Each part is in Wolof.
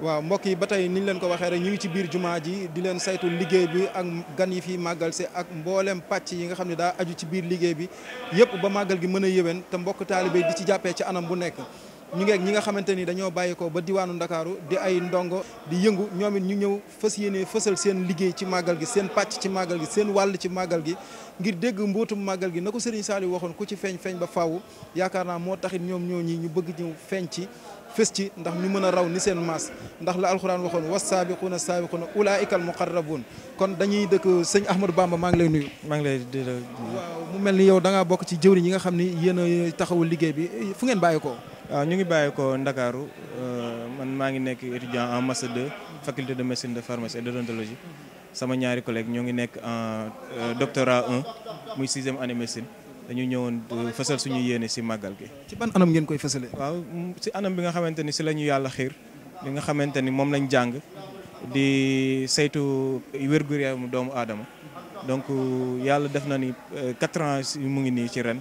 waaw mbokk yi ba tey ni ñu leen ko waxee rek ñu ngi ci biir jumaa ji di leen saytu liggéey bi ak gan yi fi màggal si ak mboolem pàcc yi nga xam ne daa aju ci biir liggéey bi yëpp ba màggal gi mën a yéwén te mbokk taalibe di ci jàppee ci anam bu nekk ñu ngeeg ñi nga xamante ni dañoo bàyyi ko ba diwaanu ndakaaru di ay ndongo di yëngu ñoom it ñu ñëw fas yéene fësal seen liggéey ci màggal gi seen pàcc ci màggal gi seen wàll ci màggal gi ngir dégg mbootum màggal gi na ko Serigne Saliou waxoon ku ci feeñ feeñ ba faaw yaakaar naa moo taxit ñoom ñoo ñi ñu bëgg ñëw feeñ ci fës ci ndax ñu mën a raw ni seen maas ndax la alxuraan waxoon was saabiquuna saabiquuna ulaaikal muqarrabuun kon dañuy dëkk sëñ Ahmadou Bamba maa ngi lay nuyu. maa ngi lay mu mel ni yow da ngaa bokk ci jëwriñ yi nga xam ni yéen a liggéey bi fu ngeen bàyyi waaw ah, ñu ngi bàyyi ko Ndakaaru ah, man ma ngi nek étudiant en master 2 faculté de médecine de pharmacie et d'odontologie sama ñaari collègue ñu ngi nek en euh, doctorat 1 muy 6e année médecine dañu ñëwoon euh, fessel suñu yéene ci magal gi. ci ban anam ngeen koy fësalee. waaw ci anam bi nga xamanteni ci lañu yalla xir li nga xamanteni mom moom lañ jàng di saytu wérgu yaramu doomu adam donc euh, yalla def na ni 4 ans mu ngi ni ci ren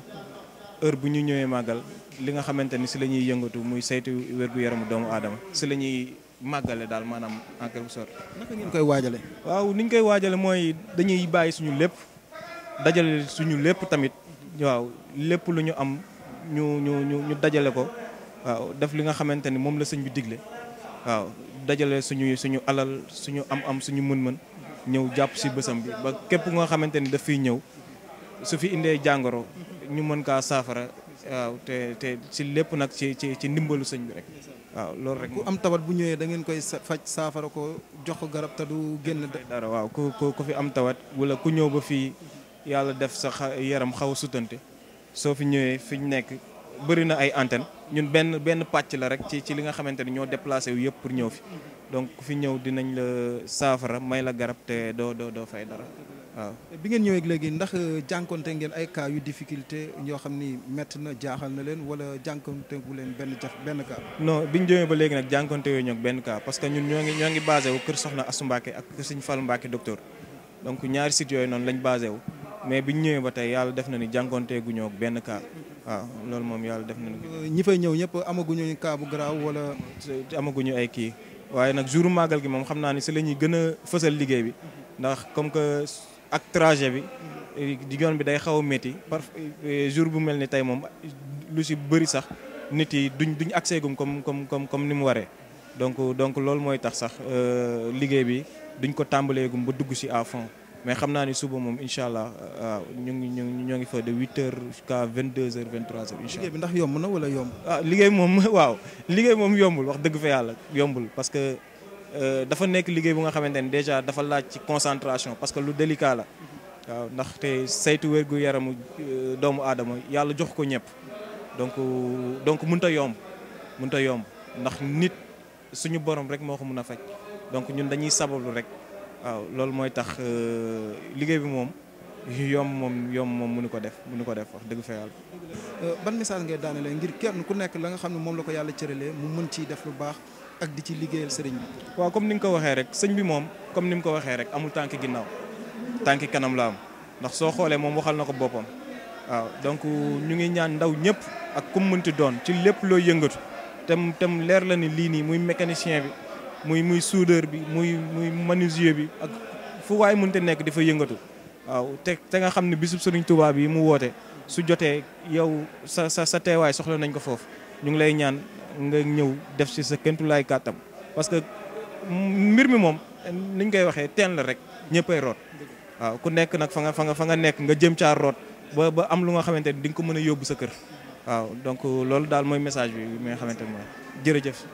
heure bu ñu ñëwé magal li nga xamante ni si la ñuy yëngatu muy saytu wér-gu-yaramu doomu aadama si la ñuy màggale daal maanaam en quelque sorte. naka ngeen koy waajale waaw ni ñu koy waajale mooy dañuy bàyyi suñu lépp dajale suñu lépp tamit waaw lépp lu am ñu ñu ñu ñu dajale ko waaw def li nga xamante ni moom la sëñ bi digle waaw dajale suñu suñu alal suñu am-am suñu mën-mën ñëw jàpp si bësam bi ba képp nga xamante ni daf fiy ñëw su fi indee jàngoro ñu mën waaw te te ci lépp nag ci ci ci ndimbalu sëñ bi rek. waaw loolu rek ku am tawat bu ñëwee da ngeen koy faj saafara ko jox ko garab te du génn. dara waaw ko ku fi am tawat wala ku ñëw ba fii yàlla def sa yaram xaw a sutante soo fi ñëwee fi ñu nekk bëri na ay antenne ñun benn benn pàcc la rek ci ci li nga xamante ni ñoo déplacé wu yëpp pour ñëw fi donc ku fi ñëw dinañ la saafara may la garab te doo doo doo fay dara. waaw bi ngeen ñëwee léegi ndax euh, jànkonte ngeen ay cas yu difficulté yoo xam ni métti na jaaxal na leen wala jànkonte bu leen benn jax benn cas. non bi ñu ñëwee ba léegi nag jànkonte yooyu ñoog benn cas parce que ñun ñoo ngi ñoo ngi basé wu kër Soxna Assou Mbacké ak kër Sëñ Fall Mbacké docteur donc ñaari sites yooyu noonu lañ basé wu mais bi ñu ñëwee ba tey yàlla def na ni jànkonte gu ñoog benn cas waaw loolu moom yàlla def na ni. Euh, ñi fay ñëw ñëpp amaguñu cas bu garaaw wala. amaguñu ay kii waaye nag jour màggal gi moom xam naa ni si la ñuy gën a liggéey bi ak trajet bi di yoon bi day xaw a métti par eh, jour bu mel ni tey moom lu si bëri sax nit yi duñ duñ accès gum comme comme comme ni mu waree donc donc loolu mooy tax sax euh, liggéey bi duñ ko tàmbaleegum ba dugg si à fond mais xam naa ni suba moom incha allah euh, waaw ngi ñu ngi ñoo ngi fa de huit heures jusqu'à vingt deux heures vingt trois heures. incha liggéey bi ndax yomb na wala yomb. ah liggéey moom waaw liggéey moom yombul wax dëgg fa yàlla yombul parce que. Euh, dafa nekk liggéey bu nga xamante ne déjà dafa laaj ci concentration parce que lu délicat la waaw ndaxte saytu wérgu yaramu euh, doomu aadama yàlla jox ko ñëpp donc donc mënut a yomb mënut a yomb ndax nit suñu borom rek moo ko mun a faj donc ñun dañuy sabablu rek waaw loolu mooy tax euh, liggéey bi moom yomb moom yomb moom mënu ko def mënu ko def wax dëgg fa yàlla. ban message ngay daanelee ngir kenn ku nekk la nga xam ne moom la ko yàlla cëralee mu mën ciy def lu baax. ak di ci liggéeyal sëriñ bi. waaw comme ni nga ko waxee rek sëñ bi moom comme ni mu ko waxee rek amul tànk ginnaaw tànk kanam la am ndax soo xoolee moom waxal na ko boppam waaw donc ñu ngi ñaan ndaw ñëpp ak ku mu mënti doon ci lépp loo yëngatu te tam leer la ni lii nii muy mécanicien bi muy muy soudeur bi muy muy menuisier bi ak fu waay mënti nekk di fa yëngatu. waaw te nga xam ne bisub sëriñ Tuubaa bi mu woote su jotee yow sa sa sa teewaay soxla nañ ko foofu nga ñëw def ci sa kentulaay kàttam parce que mbir mi moom niñ koy waxee teen la rek ñëppay root waaw ku nekk nag fa nga fa nga fa nga nekk nga jëm caa root ba ba am lu nga xamante ni di nga ko mën a yóbbu sa kër waaw donc loolu daal mooy message bi bi nga xamante ni mooy jërëjëf